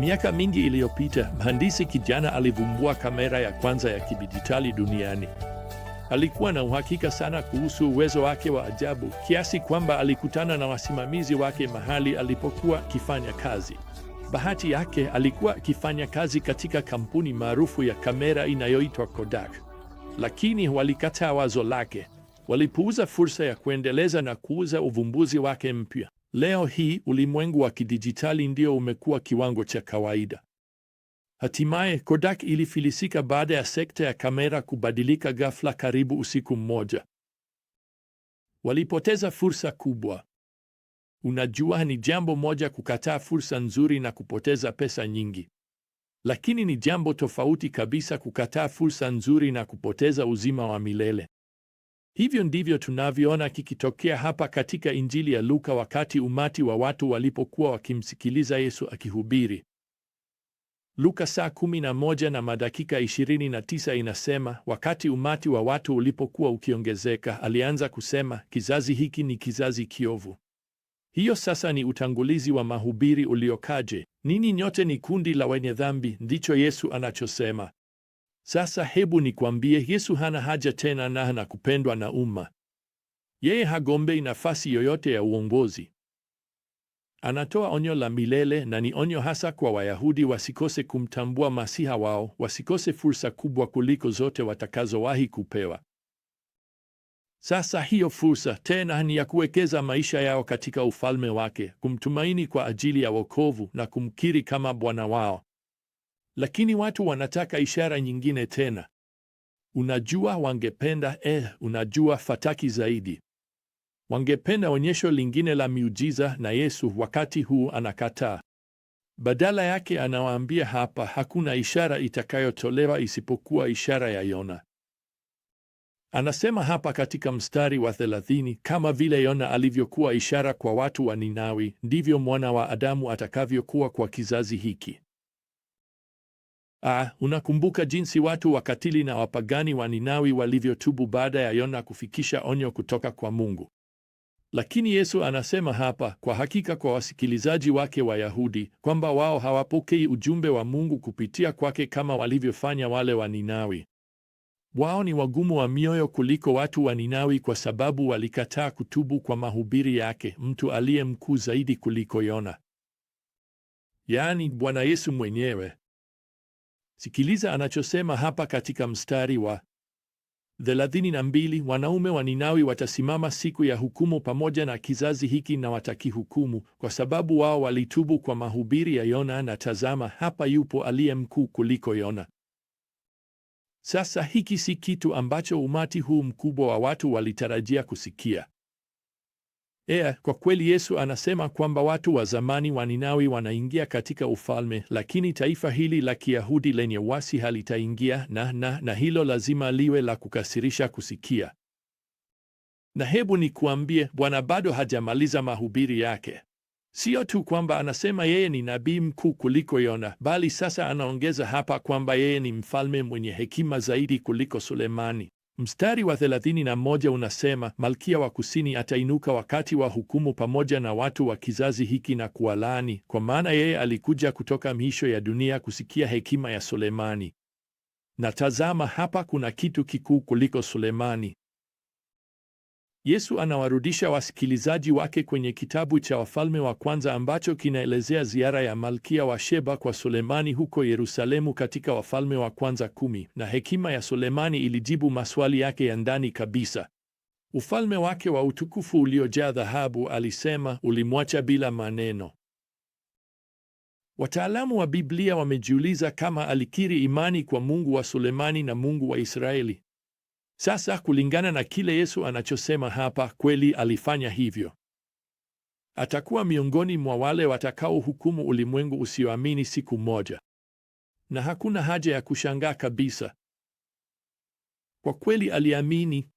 Miaka mingi iliyopita, mhandisi kijana alivumbua kamera ya kwanza ya kidijitali duniani. Alikuwa na uhakika sana kuhusu uwezo wake wa ajabu kiasi kwamba alikutana na wasimamizi wake mahali alipokuwa akifanya kazi. Bahati yake, alikuwa akifanya kazi katika kampuni maarufu ya kamera inayoitwa Kodak, lakini walikataa wazo lake. Walipuuza fursa ya kuendeleza na kuuza uvumbuzi wake mpya. Leo hii ulimwengu wa kidijitali ndio umekuwa kiwango cha kawaida. Hatimaye Kodak ilifilisika baada ya sekta ya kamera kubadilika ghafla karibu usiku mmoja. Walipoteza fursa kubwa. Unajua, ni jambo moja kukataa fursa nzuri na kupoteza pesa nyingi, lakini ni jambo tofauti kabisa kukataa fursa nzuri na kupoteza uzima wa milele. Hivyo ndivyo tunavyoona kikitokea hapa katika Injili ya Luka wakati umati wa watu walipokuwa wakimsikiliza Yesu akihubiri. Luka saa kumi na moja na madakika 29 inasema, wakati umati wa watu ulipokuwa ukiongezeka, alianza kusema, kizazi hiki ni kizazi kiovu. Hiyo sasa ni utangulizi wa mahubiri uliokaje. nini nyote ni kundi la wenye dhambi, ndicho Yesu anachosema. Sasa hebu nikwambie, Yesu hana haja tena na na kupendwa na umma. Yeye hagombei nafasi yoyote ya uongozi. Anatoa onyo la milele, na ni onyo hasa kwa Wayahudi wasikose kumtambua Masiha wao, wasikose fursa kubwa kuliko zote watakazowahi kupewa. Sasa hiyo fursa tena ni ya kuwekeza maisha yao katika ufalme wake, kumtumaini kwa ajili ya wokovu na kumkiri kama Bwana wao. Lakini watu wanataka ishara nyingine tena. Unajua wangependa eh, unajua fataki zaidi. Wangependa onyesho lingine la miujiza, na Yesu wakati huu anakataa. Badala yake anawaambia hapa, hakuna ishara itakayotolewa isipokuwa ishara ya Yona. Anasema hapa katika mstari wa thelathini, kama vile Yona alivyokuwa ishara kwa watu wa Ninawi, ndivyo mwana wa Adamu atakavyokuwa kwa kizazi hiki. Ah, unakumbuka jinsi watu wakatili na wapagani wa Ninawi walivyotubu baada ya Yona kufikisha onyo kutoka kwa Mungu. Lakini Yesu anasema hapa kwa hakika kwa wasikilizaji wake Wayahudi kwamba wao hawapokei ujumbe wa Mungu kupitia kwake kama walivyofanya wale wa Ninawi. Wao ni wagumu wa mioyo kuliko watu wa Ninawi kwa sababu walikataa kutubu kwa mahubiri yake, mtu aliye mkuu zaidi kuliko Yona, yaani Bwana Yesu mwenyewe. Sikiliza anachosema hapa katika mstari wa thelathini na mbili: wanaume wa Ninawi watasimama siku ya hukumu pamoja na kizazi hiki na watakihukumu, kwa sababu wao walitubu kwa mahubiri ya Yona, na tazama, hapa yupo aliye mkuu kuliko Yona. Sasa hiki si kitu ambacho umati huu mkubwa wa watu walitarajia kusikia. Ea, kwa kweli Yesu anasema kwamba watu wa zamani wa Ninawi wanaingia katika ufalme, lakini taifa hili la Kiyahudi lenye wasi halitaingia, na na na hilo lazima liwe la kukasirisha kusikia. Na hebu nikuambie, Bwana bado hajamaliza mahubiri yake. Sio tu kwamba anasema yeye ni nabii mkuu kuliko Yona, bali sasa anaongeza hapa kwamba yeye ni mfalme mwenye hekima zaidi kuliko Sulemani. Mstari wa thelathini na moja unasema, malkia wa kusini atainuka wakati wa hukumu pamoja na watu wa kizazi hiki na kuwalaani, kwa maana yeye alikuja kutoka miisho ya dunia kusikia hekima ya Sulemani, na tazama, hapa kuna kitu kikuu kuliko Sulemani. Yesu anawarudisha wasikilizaji wake kwenye kitabu cha Wafalme wa Kwanza ambacho kinaelezea ziara ya Malkia wa Sheba kwa Sulemani huko Yerusalemu katika Wafalme wa Kwanza kumi, na hekima ya Sulemani ilijibu maswali yake ya ndani kabisa. Ufalme wake wa utukufu uliojaa dhahabu, alisema, ulimwacha bila maneno. Wataalamu wa Biblia wamejiuliza kama alikiri imani kwa Mungu wa Sulemani na Mungu wa Israeli. Sasa kulingana na kile Yesu anachosema hapa, kweli alifanya hivyo. Atakuwa miongoni mwa wale watakaohukumu ulimwengu usioamini siku moja, na hakuna haja ya kushangaa kabisa. Kwa kweli aliamini.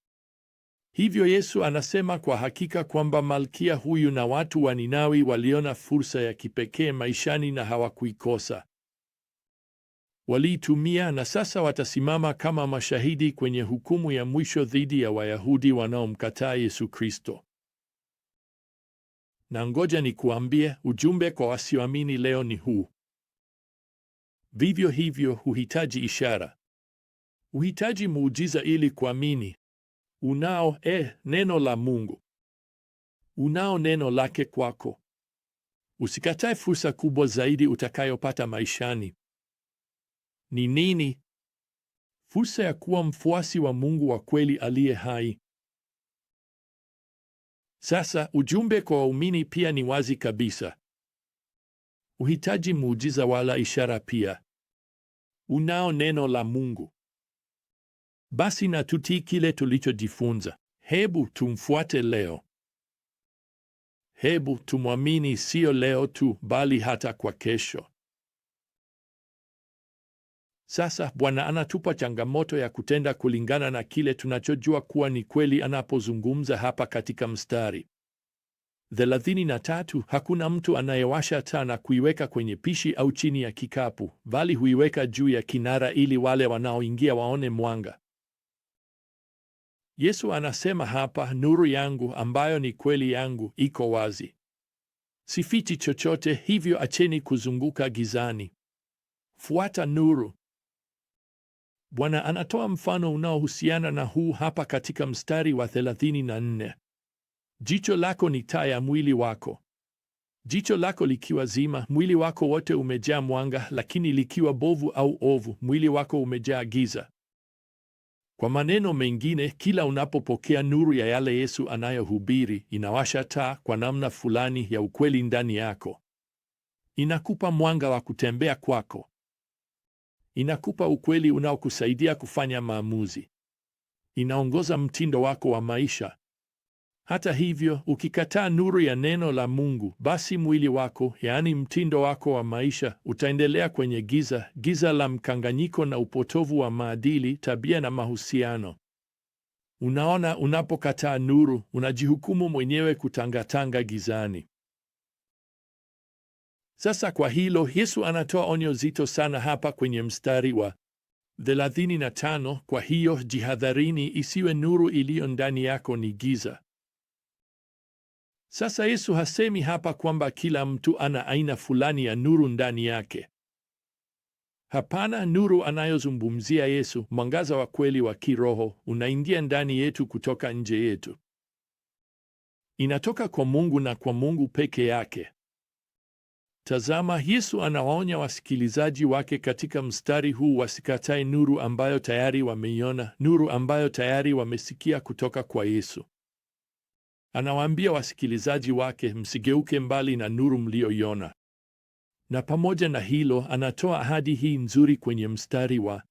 Hivyo Yesu anasema kwa hakika kwamba malkia huyu na watu wa Ninawi waliona fursa ya kipekee maishani na hawakuikosa waliitumia na sasa watasimama kama mashahidi kwenye hukumu ya mwisho dhidi ya Wayahudi wanaomkataa Yesu Kristo. Na ngoja nikuambie, ujumbe kwa wasioamini leo ni huu. Vivyo hivyo, huhitaji ishara, huhitaji muujiza ili kuamini. Unao eh, neno la Mungu, unao neno lake kwako. Usikatae fursa kubwa zaidi utakayopata maishani ni nini? Fursa ya kuwa mfuasi wa Mungu wa kweli aliye hai. Sasa ujumbe kwa waumini pia ni wazi kabisa. Uhitaji muujiza wala ishara pia. Unao neno la Mungu. Basi na tutii kile tulichojifunza. Hebu tumfuate leo. Hebu tumwamini sio leo tu, bali hata kwa kesho. Sasa Bwana anatupa changamoto ya kutenda kulingana na kile tunachojua kuwa ni kweli anapozungumza hapa katika mstari thelathini na tatu, hakuna mtu anayewasha taa na kuiweka kwenye pishi au chini ya kikapu, bali huiweka juu ya kinara ili wale wanaoingia waone mwanga. Yesu anasema hapa, nuru yangu ambayo ni kweli yangu iko wazi, sifichi chochote, hivyo acheni kuzunguka gizani, fuata nuru. Bwana anatoa mfano unaohusiana na huu hapa katika mstari wa 34: jicho lako ni taa ya mwili wako. Jicho lako likiwa zima, mwili wako wote umejaa mwanga, lakini likiwa bovu au ovu, mwili wako umejaa giza. Kwa maneno mengine, kila unapopokea nuru ya yale Yesu anayohubiri, inawasha taa kwa namna fulani ya ukweli ndani yako, inakupa mwanga wa kutembea kwako. Inakupa ukweli unaokusaidia kufanya maamuzi. Inaongoza mtindo wako wa maisha. Hata hivyo, ukikataa nuru ya neno la Mungu, basi mwili wako, yaani mtindo wako wa maisha, utaendelea kwenye giza, giza la mkanganyiko na upotovu wa maadili, tabia na mahusiano. Unaona, unapokataa nuru, unajihukumu mwenyewe kutangatanga gizani. Sasa kwa hilo Yesu anatoa onyo zito sana hapa kwenye mstari wa thelathini na tano: kwa hiyo jihadharini, isiwe nuru iliyo ndani yako ni giza. Sasa Yesu hasemi hapa kwamba kila mtu ana aina fulani ya nuru ndani yake. Hapana, nuru anayozungumzia Yesu, mwangaza wa kweli wa kiroho, unaingia ndani yetu kutoka nje yetu, inatoka kwa Mungu na kwa Mungu peke yake. Tazama, Yesu anawaonya wasikilizaji wake katika mstari huu wasikatae nuru ambayo tayari wameiona, nuru ambayo tayari wamesikia kutoka kwa Yesu. Anawaambia wasikilizaji wake, msigeuke mbali na nuru mlioiona. Na pamoja na hilo, anatoa ahadi hii nzuri kwenye mstari wa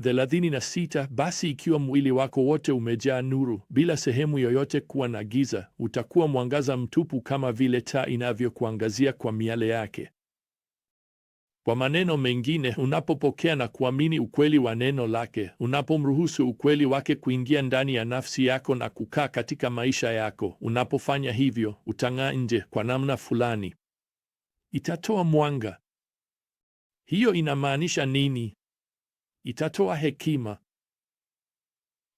thelathini na sita. Basi ikiwa mwili wako wote umejaa nuru bila sehemu yoyote kuwa na giza, utakuwa mwangaza mtupu kama vile taa inavyokuangazia kwa miale yake. Kwa maneno mengine, unapopokea na kuamini ukweli wa neno lake, unapomruhusu ukweli wake kuingia ndani ya nafsi yako na kukaa katika maisha yako, unapofanya hivyo, utang'aa nje kwa namna fulani, itatoa mwanga. Hiyo inamaanisha nini? itatoa hekima.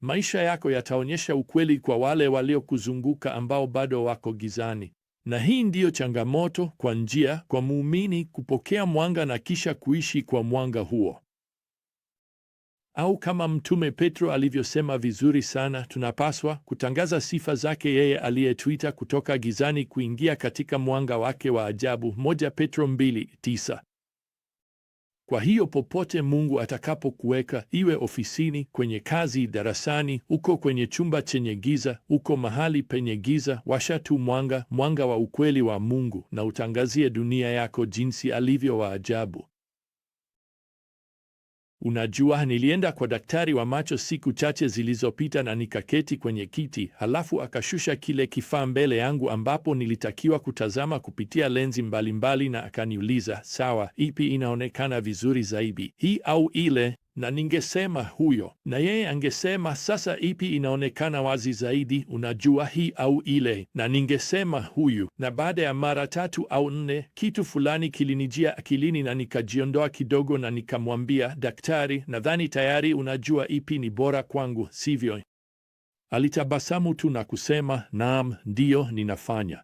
Maisha yako yataonyesha ukweli kwa wale waliokuzunguka ambao bado wako gizani. Na hii ndiyo changamoto kwa njia kwa muumini kupokea mwanga na kisha kuishi kwa mwanga huo. Au kama Mtume Petro alivyosema vizuri sana, tunapaswa kutangaza sifa zake yeye aliyetuita kutoka gizani kuingia katika mwanga wake wa ajabu, 1 Petro 2:9. Kwa hiyo popote Mungu atakapokuweka, iwe ofisini, kwenye kazi, darasani, uko kwenye chumba chenye giza, uko mahali penye giza, washa tu mwanga, mwanga wa ukweli wa Mungu, na utangazie dunia yako jinsi alivyo wa ajabu. Unajua, nilienda kwa daktari wa macho siku chache zilizopita na nikaketi kwenye kiti, halafu akashusha kile kifaa mbele yangu ambapo nilitakiwa kutazama kupitia lenzi mbalimbali, na akaniuliza, sawa, ipi inaonekana vizuri zaidi, hii au ile? na ningesema huyo, na yeye angesema sasa, ipi inaonekana wazi zaidi, unajua hii au ile? Na ningesema huyu, na baada ya mara tatu au nne kitu fulani kilinijia akilini, na nikajiondoa kidogo, na nikamwambia daktari, nadhani tayari unajua ipi ni bora kwangu, sivyo? Alitabasamu tu na kusema naam, ndiyo ninafanya.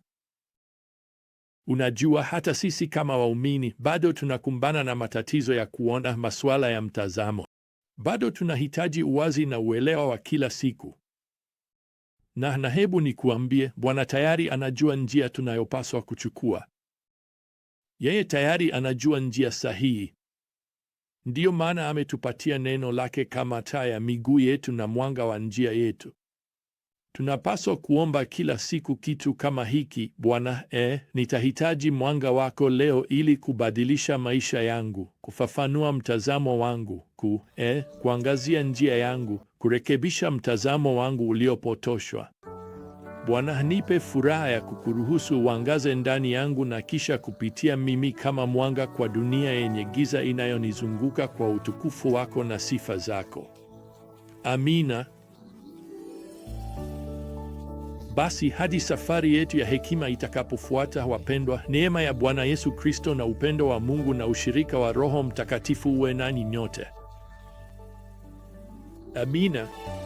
Unajua, hata sisi kama waumini bado tunakumbana na matatizo ya kuona, masuala ya mtazamo. Bado tunahitaji uwazi na uelewa wa kila siku. Na na hebu nikuambie, Bwana tayari anajua njia tunayopaswa kuchukua. Yeye tayari anajua njia sahihi. Ndiyo maana ametupatia neno lake kama taa ya miguu yetu na mwanga wa njia yetu. Tunapaswa kuomba kila siku kitu kama hiki: Bwana, eh, nitahitaji mwanga wako leo ili kubadilisha maisha yangu, kufafanua mtazamo wangu, ku eh, kuangazia njia yangu, kurekebisha mtazamo wangu uliopotoshwa. Bwana, nipe furaha ya kukuruhusu uangaze ndani yangu na kisha kupitia mimi kama mwanga kwa dunia yenye giza inayonizunguka kwa utukufu wako na sifa zako. Amina. Basi hadi safari yetu ya hekima itakapofuata, wapendwa, neema ya Bwana Yesu Kristo na upendo wa Mungu na ushirika wa Roho Mtakatifu uwe nani nyote. Amina.